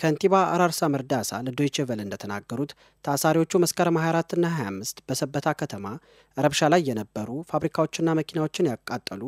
ከንቲባ አራርሳ መርዳሳ ለዶይቼ ቬለ እንደተናገሩት ታሳሪዎቹ መስከረም 24ና 25 በሰበታ ከተማ ረብሻ ላይ የነበሩ ፋብሪካዎችና መኪናዎችን ያቃጠሉ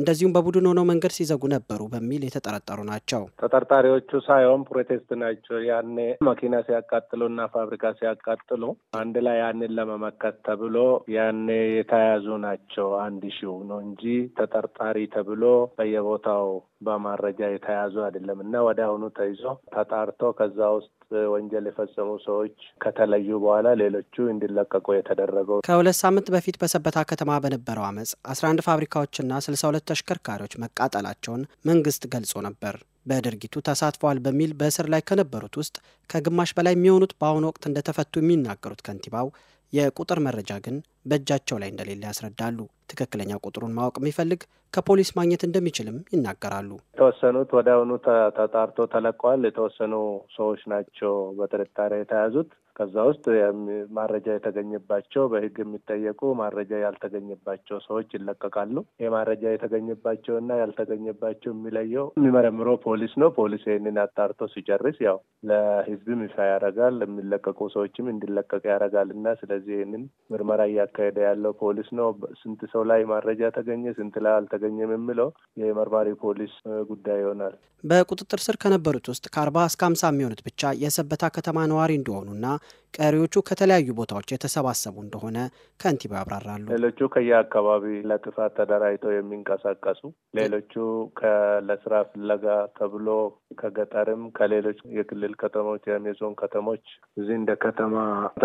እንደዚሁም በቡድን ሆነው መንገድ ሲዘጉ ነበሩ በሚል የተጠረጠሩ ናቸው። ተጠርጣሪዎቹ ሳይሆን ፕሮቴስት ናቸው። ያኔ መኪና ሲያቃጥሉ እና ፋብሪካ ሲያቃጥሉ አንድ ላይ ያንን ለመመከት ተብሎ ያኔ የተያዙ ናቸው። አንድ ሺው ነው እንጂ ተጠርጣሪ ተብሎ በየቦታው በማረጃ የተያዙ አይደለም እና ወደ አሁኑ ተይዞ ተጣርቶ ከዛ ውስጥ ወንጀል የፈጸሙ ሰዎች ከተለዩ በኋላ ሌሎቹ እንዲለቀቁ የተደረገው ከሁለት ሳምንት በፊት በሰበታ ከተማ በነበረው አመፅ አስራ አንድ ፋብሪካዎችና ስልሳ ሁለት ተሽከርካሪዎች መቃጠላቸውን መንግስት ገልጾ ነበር። በድርጊቱ ተሳትፈዋል በሚል በእስር ላይ ከነበሩት ውስጥ ከግማሽ በላይ የሚሆኑት በአሁኑ ወቅት እንደተፈቱ የሚናገሩት ከንቲባው የቁጥር መረጃ ግን በእጃቸው ላይ እንደሌለ ያስረዳሉ። ትክክለኛ ቁጥሩን ማወቅ የሚፈልግ ከፖሊስ ማግኘት እንደሚችልም ይናገራሉ። የተወሰኑት ወዲያውኑ ተጣርቶ ተለቀዋል። የተወሰኑ ሰዎች ናቸው በጥርጣሬ የተያዙት። ከዛ ውስጥ ማረጃ የተገኘባቸው በህግ የሚጠየቁ ማረጃ ያልተገኘባቸው ሰዎች ይለቀቃሉ። ይህ ማረጃ የተገኘባቸው እና ያልተገኘባቸው የሚለየው የሚመረምረው ፖሊስ ነው። ፖሊስ ይህንን አጣርቶ ሲጨርስ ያው ለህዝብም ይፋ ያደርጋል፣ የሚለቀቁ ሰዎችም እንዲለቀቅ ያደርጋል እና ስለዚህ ይህንን ምርመራ እያካሄደ ያለው ፖሊስ ነው። ስንት ሰው ላይ ማረጃ ተገኘ፣ ስንት ላይ አልተገኘም የሚለው የመርማሪ ፖሊስ ጉዳይ ይሆናል። በቁጥጥር ስር ከነበሩት ውስጥ ከአርባ እስከ ሀምሳ የሚሆኑት ብቻ የሰበታ ከተማ ነዋሪ እንደሆኑና ቀሪዎቹ ከተለያዩ ቦታዎች የተሰባሰቡ እንደሆነ ከንቲባ ያብራራሉ። ሌሎቹ ከየአካባቢ ለጥፋት ተደራጅተው የሚንቀሳቀሱ ሌሎቹ ለስራ ፍለጋ ተብሎ ከገጠርም ከሌሎች የክልል ከተሞች ወይም የዞን ከተሞች እዚህ እንደ ከተማ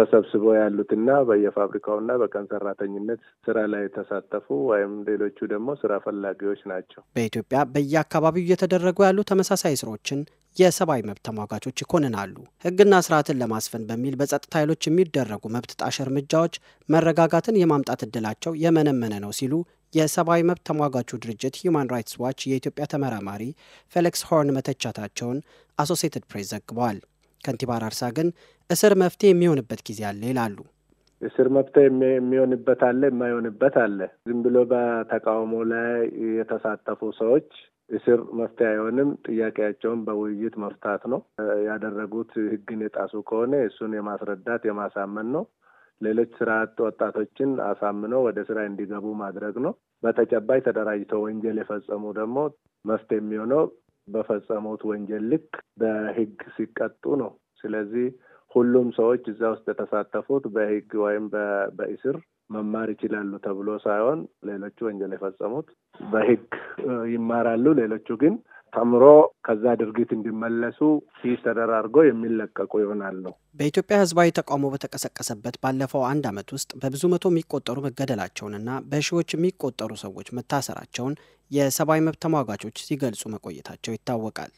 ተሰብስበው ያሉትና በየፋብሪካውና በቀን ሰራተኝነት ስራ ላይ የተሳተፉ ወይም ሌሎቹ ደግሞ ስራ ፈላጊዎች ናቸው። በኢትዮጵያ በየአካባቢው እየተደረጉ ያሉ ተመሳሳይ ስራዎችን የሰብአዊ መብት ተሟጋቾች ይኮንናሉ። ህግና ስርዓትን ለማስፈን በሚል በጸጥታ ኃይሎች የሚደረጉ መብት ጣሽ እርምጃዎች መረጋጋትን የማምጣት እድላቸው የመነመነ ነው ሲሉ የሰብአዊ መብት ተሟጋቹ ድርጅት ሂዩማን ራይትስ ዋች የኢትዮጵያ ተመራማሪ ፌሊክስ ሆርን መተቻታቸውን አሶሴትድ ፕሬስ ዘግበዋል። ከንቲባ አርሳ ግን እስር መፍትሄ የሚሆንበት ጊዜ አለ ይላሉ። እስር መብት የሚሆንበት አለ፣ የማይሆንበት አለ። ዝም ብሎ በተቃውሞ ላይ የተሳተፉ ሰዎች እስር መፍትሄ አይሆንም። ጥያቄያቸውን በውይይት መፍታት ነው። ያደረጉት ህግን የጣሱ ከሆነ እሱን የማስረዳት የማሳመን ነው። ሌሎች ስራ አጥ ወጣቶችን አሳምነው ወደ ስራ እንዲገቡ ማድረግ ነው። በተጨባጭ ተደራጅተው ወንጀል የፈጸሙ ደግሞ መፍትሄ የሚሆነው በፈጸሙት ወንጀል ልክ በህግ ሲቀጡ ነው። ስለዚህ ሁሉም ሰዎች እዛ ውስጥ የተሳተፉት በህግ ወይም በእስር መማር ይችላሉ ተብሎ ሳይሆን ሌሎቹ ወንጀል የፈጸሙት በህግ ይማራሉ። ሌሎቹ ግን ተምሮ ከዛ ድርጊት እንዲመለሱ ሂስ ተደራርጎ የሚለቀቁ ይሆናሉ። በኢትዮጵያ ህዝባዊ ተቃውሞ በተቀሰቀሰበት ባለፈው አንድ ዓመት ውስጥ በብዙ መቶ የሚቆጠሩ መገደላቸውንና በሺዎች የሚቆጠሩ ሰዎች መታሰራቸውን የሰብአዊ መብት ተሟጋቾች ሲገልጹ መቆየታቸው ይታወቃል።